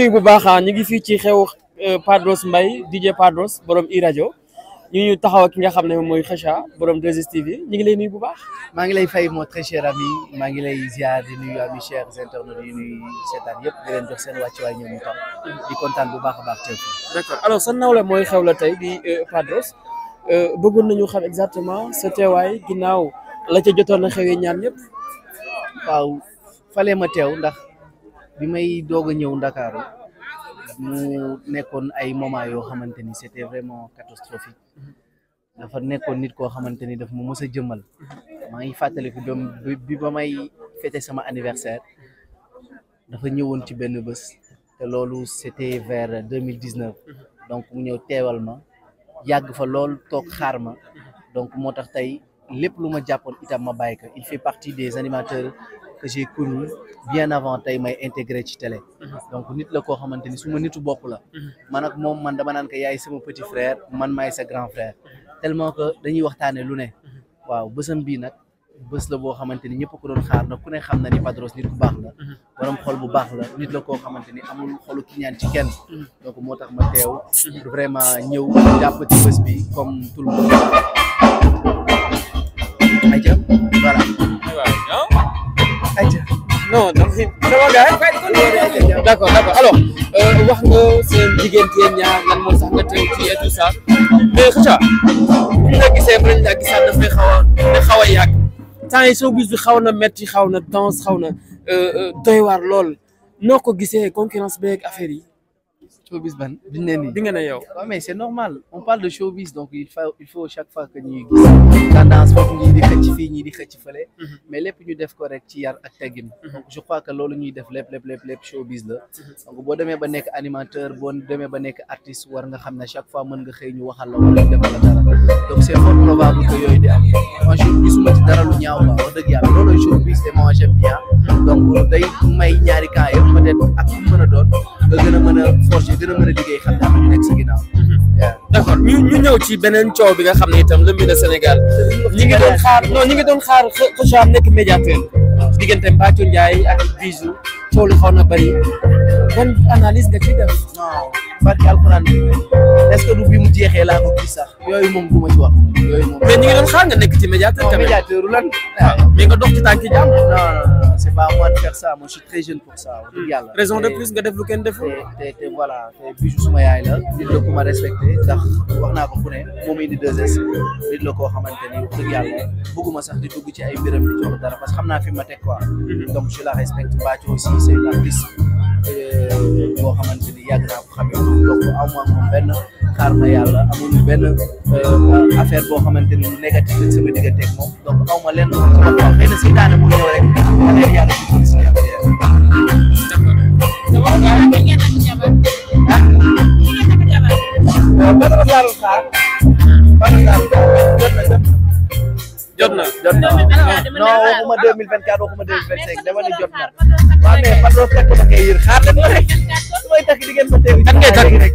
nuyu bu baax ah, ñu ngi fii ci xew euh, Padros Mbaye DJ Padros borom i rajo ñu ñu taxaw ki nga xam ne mooy Kheucha borom 2STV ñu ngi lay nuyu bu baax. maa ngi lay fay moo très cher ami maa ngi lay ziar di nuyu ami chers internautes yi nuyu seetaan yëpp di leen jox seen wàccuwaay ñoom itam di kontaan bu baax a baax tey. d'accord alors sa nawle mooy xew la tey di euh, Padros euh, bëggoon nañu xam exactement sa teewaay ginnaaw la ca jotoon na xewee ñaar ñëpp. waaw fale ma teew bi may doog a ñëw ndakaaru mu nekkoon ay moment yoo xamante ni c'était vraiment catastrophique dafa nekkoon nit koo xamante ni daf ma mës a jëmmal maa ngi fàttaliku doom bi ba may fêté sama anniversaire dafa ñëwoon ci benn bës te loolu c'était vers deux mille dix-neuf donc mu ñëw teewal ma yàgg fa lool toog xaar ma donc moo tax tey lépp lu ma jàppoon itam ma bàyyi ko il fait partie des animateurs que j'ai connu bien avant tey may intégré ci télé. Mhm. donc nit la koo xamante ni su ma nitu bopp la. Mhm. man ak moom man dama naan ko yaay sama man maay sa grand frère. tellement que dañuy waxtaanee lu ne. Mhm. waaw bësam bii nag bës la boo xamante ni ñëpp ko doon xaar na ku ne xam na ni Padros nit bu baax la. borom xol bu baax la nit la koo xamante ni amul xolu ki ñaan ci kenn. donc moo tax ma teew. vraiment ñëw jàpp ci bës bi comme tout le non donc si sama gars d' accord d' accord euh, wax nga seen diggante ñaar lan moo sax nga teew ci tout ça mais Kheucha bu la gisee ba lañ la gisaat dafay xaw a temps yi showbiz xaw na métti xaw na danse xaw na euh, euh, doy waar lool noo ko gisee concurrence beeg affaire yi. showbiz ban biñ ne nii di nga ne yow waaw mais c'est normal on parle de showbiz donc il faut il faut chaque fois que ñuy gis tendance foofu ñii di xëcc fii xëcc fële mhm. mais lépp ñu def ko rek ci yar ak teggin mhm. je crois que loolu ñuy def lépp lépp lépp lépp showbiz la mhm. donc boo demee ba nekk animateur boo demee ba nekk artiste war nga xam ne chaque fois mën nga xëy ñu waxal la wala ñu defal la dara donc c' est fort probable que yooyu di am moi je gisuma ci dara lu ñaaw quoi wax dëgg may ñaari cas yëpp peut être ak ku mën a doon nga gën a mën a forger gën a mën a liggéey xam naa ñu nekk si ginnaaw. d' accord ñu ci beneen coow bi nga xam ne itam lëmbi na Sénégal. ñi ga doon xaar non ñi ngi doon xaar Kheucha nekk médiateur. diggante Mbathio Ndiaye ak Bijou. coow li xaw na bëri ban analyse nga ciy def. non barke du bi mu jeexee laa ko gis sax yooyu moom du ma ci wax. yooyu moom mais ñi nga nekk ci médiateur. tamit médiateur lan. Ah, mais nga dox ci tànki jàmm. c'est pas à moi de faire très jeune pour ça wax raison de plus nga def lu kenn deful te te voilà te Bijou suma yaay la nit la ku ma respecté ndax wax naa ko fu ne moom indi nit la koo xamante ni wax dëgg yàlla di dugg ci ay mbiram di xam naa fi ma teg quoi mhm. donc la respecte Bathio aussi c'est une artiste boo xamante ni yàgg naa ko xam donc aw ma moom yaakaar na yàlla amul benn euh, affaire boo xamante ni négatif la sama diggante ak moom donc aw ma lenn woon sama xol xëy na seytaane mu ñëw rek ma ne yàlla ci police bi affaire ah ban laalu xaar ban laalu jot na jot na non waxuma 2024 waxuma 2025 dama ne jot na waaw mais fan la fekk ba koy yër xaar leen ma rek su may takk di ngeen ma tegu rek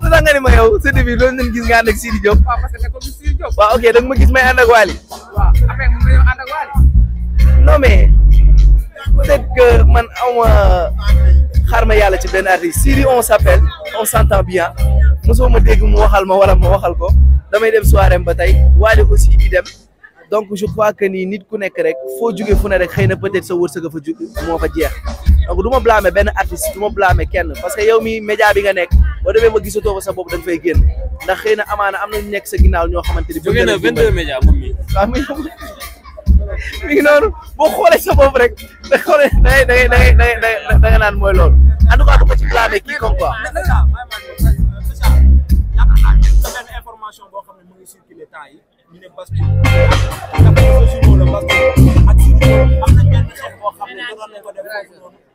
lu tax nga ma yow sa début loolu nañ gis nga ànd ak Sidi Diop. parce que ko gis Sidi Diop. waaw ok da nga ma gis may ànd ak Wally. waaw peut-être man awma xaar ma yàlla ci benn artiste on s'appelle on s'entend bien mosoo ma dégg mu waxal ma wala ma waxal ko damay dem soirée ba tey Wally aussi di dem. donc je crois que nii nit ku nekk rek foo jugee fu ne rek xëy na peut-être sa wërsëg fa jug moo fa jeex donc du ma blâmer benn artiste du kenn parce que yow mi média bi nga nekk. boo demee ma gisatoo ko sa bopp da nga fay ndax xëy na amaana am nañu nekk sa ginnaaw ñoo xamante ni. jóge na 22 média moom mi. waaw noonu boo xoolee sa bopp rek da xoolee mooy lool en tout cas du ko ci blâmer kii comme quoi. boo xam ne mu ngi circulé temps yi ñu ko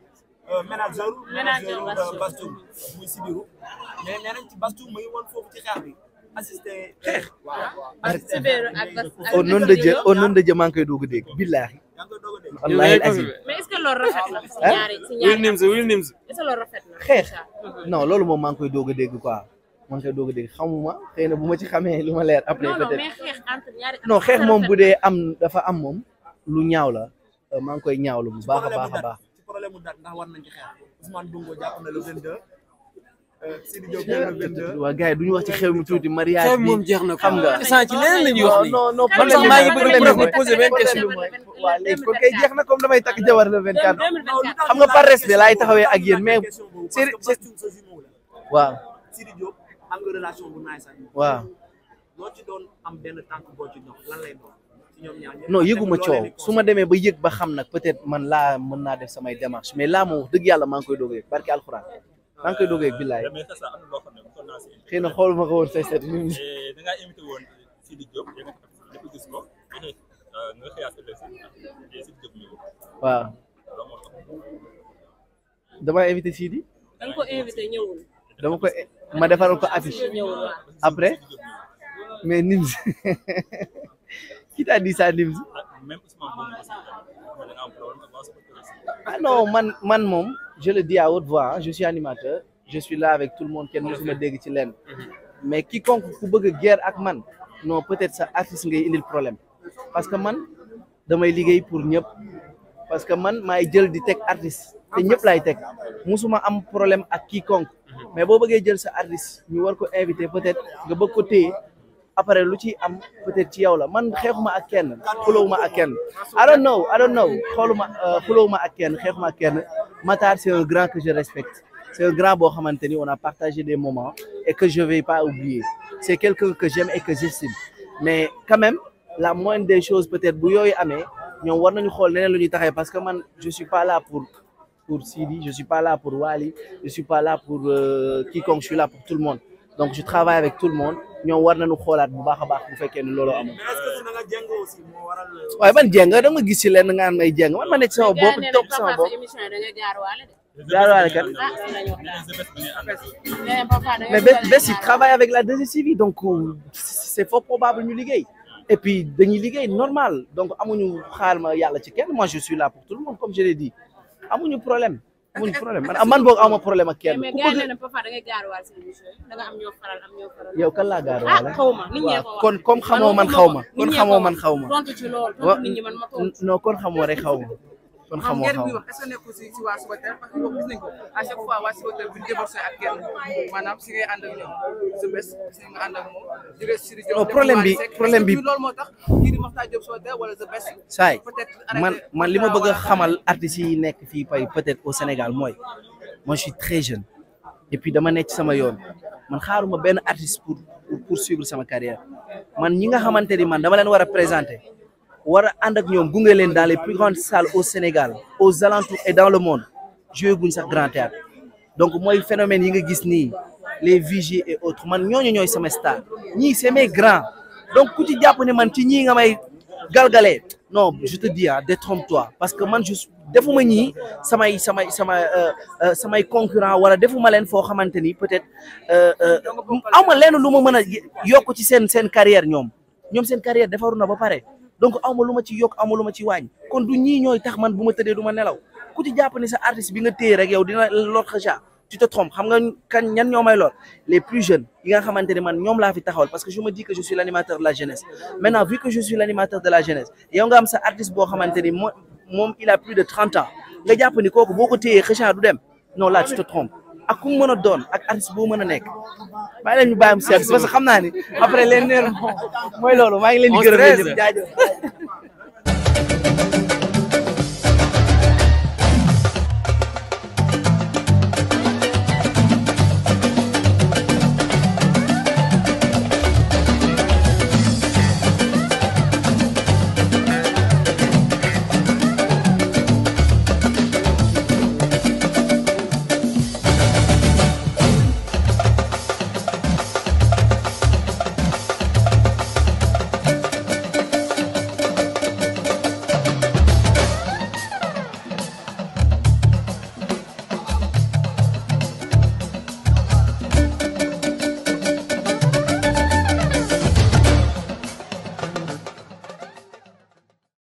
Euh, manager manager euh, mais nee nañ ci Bastoum muy woon foofu ci xeex de Dieu au koy doog a dégg billaahi wallaahi loolu xeex non loolu moom maa koy doog dégg quoi maa ngi koy xamuma xëy na bu ma ci xamee lu ma leer après peut xeex moom bu dee am dafa am moom lu ñaaw la euh, maa ngi koy ñaawlu bu baax a baax a baax joxu date ndax na le 22. Euh, Sidi Diop le 22. waaw gars du ñu wax ci xew mi tuuti mariage na xam nga. ci leneen la ñuy wax nii. non non problème bi maa ngi bëgg a poser benn question. waaw jeex na comme damay takk jawar le 24. xam nga par respect laay taxawee ak yéen mais. Sidi waaw. Sidi Diop am nga relation bu naay sax. loo ci doon am benn tànk boo ci non yëguma coow su ma demee ba yëg ba xam nag peut-être man laa mën naa def samay démarche mais laa moom wax dëgg yàlla maa ngi koy doog a yëg barki alxuraan maa ngi koy doog yëg billaay xëy na xool ma ko woon say seet euh, waaw damaa invité Sidi danga ko invité ñëwul dama ko ma defaral ko affiche après mais nim Qui t'a dit ça Nibs ah non man man moom je le dis à haute voix hein, je suis animateur je suis là avec tout le monde kenn musuma dégg ci leen mhm. mais quiconque ku bëgg a ak man non peut-être sa artiste ngay indil problème parce que man damay liggéey pour ñëpp parce que man may jël di teg artiste te ñëpp laay teg musuma am problème ak quiconque mhm. mais boo bëggee jël sa artiste ñu war ko invité peut-être nga bëgg ko téye après lu ci am peut-être ci yow la man xeexuma ak kenn xulawuma ak kenn I don't know I don't know xooluma euh, xulawuma ak kenn xeexuma ma kenn Matar c'est un grand que je respecte c'est un grand boo xamante ni on a partagé des moments et que je vais pas oublier c'est quelqu'un que j'aime et que j'estime mais quand même la moindre des choses peut-être bu yooyu amee ñoom war nañu xool leneen lu ñuy taxee parce que man je suis pas là pour pour Sidi je suis pas là pour Wali je suis pas là pour euh, quiconque je suis là pour tout le donc je travaille avec tout le monde ñoom war nañu xoolaat bu baax baax bu fekkee ne loolu amul. mais est waaye euh, man jàng da nga gis si leen nga may jàng man ma nekk sama bopp topp sama bopp. jaaraale kat ah, mais bés il avec la 2STV donc euh, c'est fort probable ñu liggéey et puis dañuy liggéey normal donc amuñu xaar ma yàlla ci kenn moi je suis là pour tout le monde comme je l'ai dit amuñu problème. amul problème man man boog aw ma problème ak kenn. mais gars yi yow kan laa gaaruwaale. ah xaw xamoo man xaw ma. kon xamoo man xaw ma. tontu ci ma xamoo rek xaw ma. kon xam nga xam est-ce bi problème bi problème saay man li ma bëgg a xamal artistes yi nekk fii pay peut-être au Sénégal mooy moi je suis très et puis dama nekk sama yoon man xaaruma benn artiste pour pour poursuivre sama carrière man ñi nga xamante ni man dama leen war a présenter. war a ànd ak ñoom gunge leen dans les plus grandes salles au Sénégal aux alentours et dans le monde joué guñ sax grand donc mooy phénomène yi nga gis nii les vigies et autres man ñooñu ñooy sama star ñii c'est mes donc ku ci jàpp ne man ti ñii nga may galgalee non je te dis ah détrompe-toi parce que man je defuma ñii samay samay sama samay euh, euh, concurrent wala defuma leen foo xamante ni peut-être euh, ama leen lu ma mën a yokk ci seen seen carrière ñoom ñoom seen carrière defaru na ba pare donc aw ma lu ma ci yok aw ma lu ma ci wàññi kon du ñii ñooy tax man bu ma tëddee du ma nelaw ku ci jàpp ni sa artiste bi nga téye rek yow dina lor xaja tu te trompes xam nga kan ñan ñoo may lor les plus jeunes yi nga xamante ne man ñoom laa fi parce que je me dis que je suis l'animateur de la jeunesse maintenant vu que je suis l'animateur de la jeunesse yow nga sa artiste boo xamante ni moom il plus de trente ans nga jàpp ni kooku boo ko téyee xaja du dem non là tu te trompes ak ku mu mën a doon ak artiste boo mën a nekk bàyyi leen ñu bàyyi mu seet parce que xam naa ni après leen neer mooy loolu maa ngi leen di gërëm leen jaajëf